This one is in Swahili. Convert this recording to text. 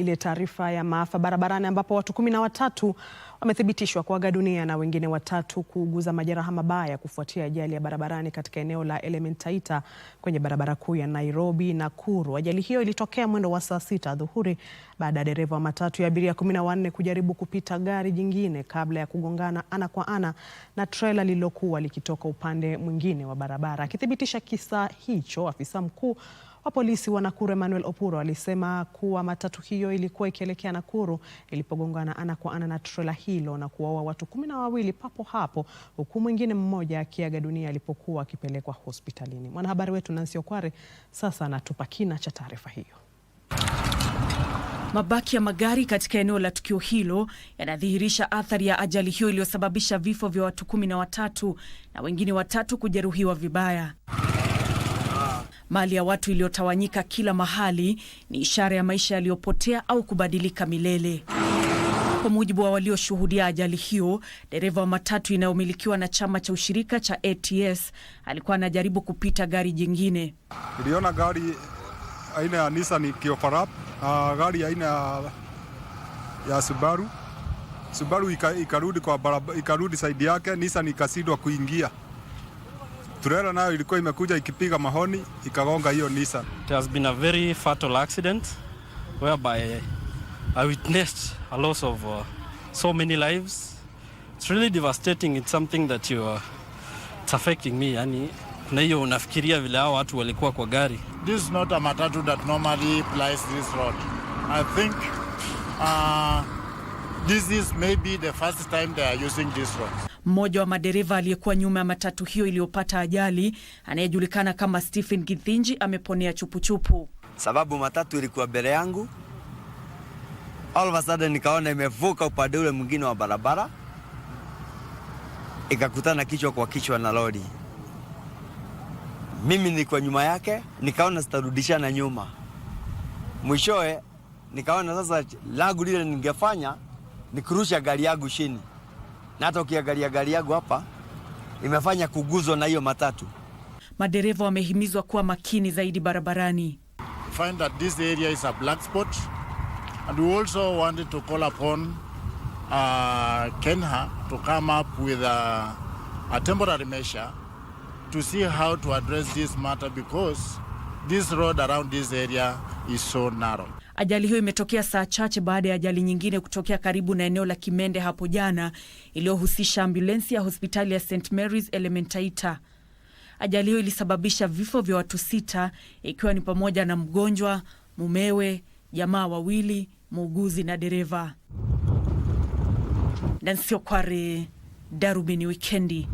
Ile taarifa ya maafa barabarani ambapo watu kumi na watatu wamethibitishwa kuaga dunia na wengine watatu kuuguza majeraha mabaya kufuatia ajali ya barabarani katika eneo la Elementaita kwenye barabara kuu ya Nairobi Nakuru. Ajali hiyo ilitokea mwendo wa saa sita adhuhuri baada ya dereva wa matatu ya abiria kumi na wanne kujaribu kupita gari jingine kabla ya kugongana ana kwa ana na trela lililokuwa likitoka upande mwingine wa barabara. Akithibitisha kisa hicho, afisa mkuu wa polisi wa Nakuru Emmanuel Opuro alisema kuwa matatu hiyo ilikuwa ikielekea Nakuru ilipogongana ana kwa ana na trela hilo na kuwaua watu kumi na wawili papo hapo, huku mwingine mmoja akiaga dunia alipokuwa akipelekwa hospitalini. Mwanahabari wetu Nancy Okware sasa anatupa kina cha taarifa hiyo. Mabaki ya magari katika eneo la tukio hilo yanadhihirisha athari ya ajali hiyo iliyosababisha vifo vya watu kumi na watatu na wengine watatu kujeruhiwa vibaya. Mali ya watu iliyotawanyika kila mahali ni ishara ya maisha yaliyopotea au kubadilika milele. Kwa mujibu wa walioshuhudia ajali hiyo, dereva wa matatu inayomilikiwa na chama cha ushirika cha ATS alikuwa anajaribu kupita gari jingine. Niliona gari aina ya Nissan Kiofarab na gari aina ya Subaru. Subaru ikarudi kwa barabara, ikarudi saidi yake, Nissan ikasidwa kuingia. Trela nayo ilikuwa imekuja ikipiga mahoni ikagonga hiyo Nissan. It has been a very fatal accident whereby I witnessed a loss of uh, so many lives. It's really devastating. It's something that you are, uh, it's affecting me. Yani, na hiyo unafikiria vile hao watu walikuwa kwa gari. This is not a matatu that normally plies this road. I think uh, this is maybe the first time they are using this road. Mmoja wa madereva aliyekuwa nyuma ya matatu hiyo iliyopata ajali anayejulikana kama Stephen Githinji ameponea chupuchupu, sababu matatu ilikuwa mbele yangu. All of a sudden nikaona imevuka upande ule mwingine wa barabara ikakutana kichwa kwa kichwa na lori. Mimi nilikuwa nyuma yake, nikaona sitarudishana nyuma. Mwishowe nikaona sasa, lagu lile ningefanya nikurusha gari yangu chini na hata ukiangalia gari yangu hapa imefanya kuguzwa na hiyo matatu. Madereva wamehimizwa kuwa makini zaidi barabarani. Find that this area is a black spot and we also wanted to call upon uh, Kenha to come up with a, a temporary measure to see how to address this matter because this road around this area Iso Ajali hiyo imetokea saa chache baada ya ajali nyingine kutokea karibu na eneo la Kimende hapo jana iliyohusisha ambulensi ya hospitali ya St Mary's Elementaita. Ajali hiyo ilisababisha vifo vya watu sita ikiwa ni pamoja na mgonjwa, mumewe, jamaa wawili, muuguzi na dereva. Nancy Okware, Darubini Wikendi.